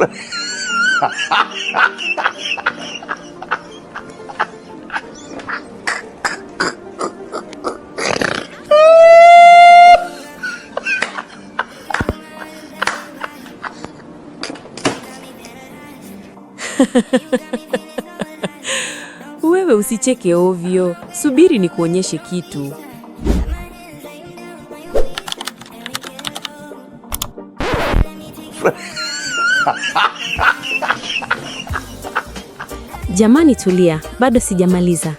fulani Wewe usicheke ovyo, subiri ni kuonyeshe kitu. Jamani, tulia, bado sijamaliza.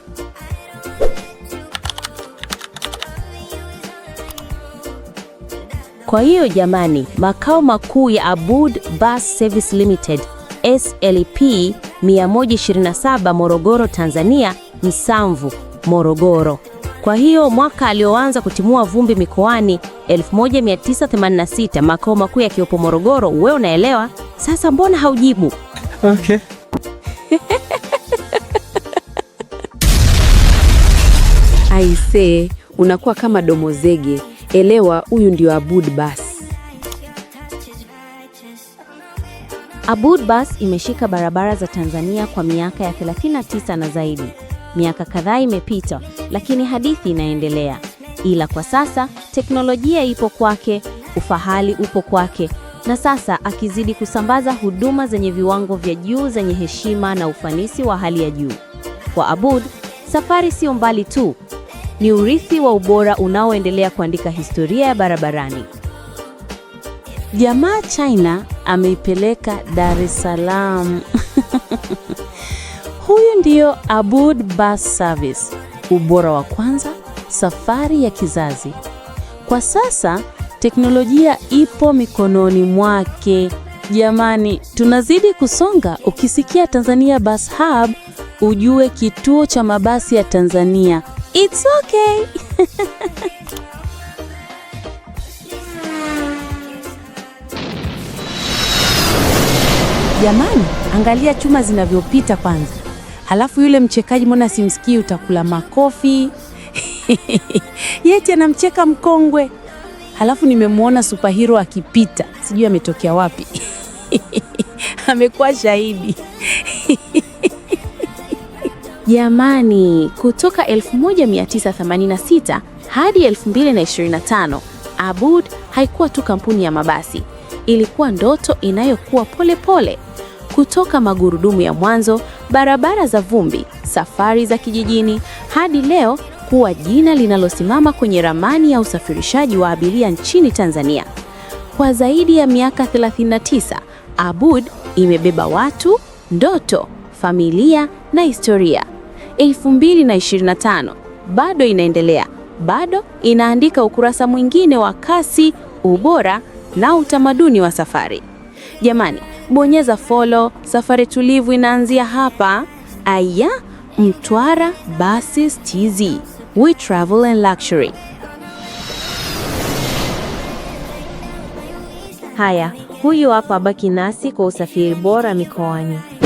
Kwa hiyo jamani, makao makuu ya Abood Bus Service Limited SLP 127 Morogoro, Tanzania, Msamvu, Morogoro. Kwa hiyo mwaka alioanza kutimua vumbi mikoani 1986 makao makuu yakiwepo Morogoro, wewe unaelewa. Sasa mbona haujibu? Okay. Aisee, unakuwa kama domo zege Elewa, huyu ndio Abud Bas. Abud Bas imeshika barabara za Tanzania kwa miaka ya 39 na zaidi. Miaka kadhaa imepita, lakini hadithi inaendelea. Ila kwa sasa teknolojia ipo kwake, ufahali upo kwake na sasa akizidi kusambaza huduma zenye viwango vya juu zenye heshima na ufanisi wa hali ya juu. Kwa Abood, safari sio mbali tu, ni urithi wa ubora unaoendelea kuandika historia ya barabarani. Jamaa China ameipeleka Dar es Salaam. Huyu ndiyo Abood Bus Service, ubora wa kwanza, safari ya kizazi. Kwa sasa teknolojia ipo mikononi mwake. Jamani, tunazidi kusonga. Ukisikia Tanzania Bus Hub ujue kituo cha mabasi ya Tanzania. It's okay. Jamani, angalia chuma zinavyopita kwanza, halafu yule mchekaji, mbona simsikii? Utakula makofi. Yeti anamcheka mkongwe halafu nimemwona superhero akipita, sijui ametokea wapi amekuwa shahidi Jamani, kutoka 1986 hadi 2025 Abood haikuwa tu kampuni ya mabasi, ilikuwa ndoto inayokuwa polepole pole. Kutoka magurudumu ya mwanzo, barabara za vumbi, safari za kijijini, hadi leo kuwa jina linalosimama kwenye ramani ya usafirishaji wa abiria nchini Tanzania. Kwa zaidi ya miaka 39, Abood imebeba watu, ndoto, familia na historia. 2025 bado inaendelea, bado inaandika ukurasa mwingine wa kasi, ubora na utamaduni wa safari. Jamani, bonyeza follow. Safari tulivu inaanzia hapa. Aya, Mtwara Buses TZ we travel in luxury. Haya, huyu hapa baki nasi kwa usafiri bora mikoani.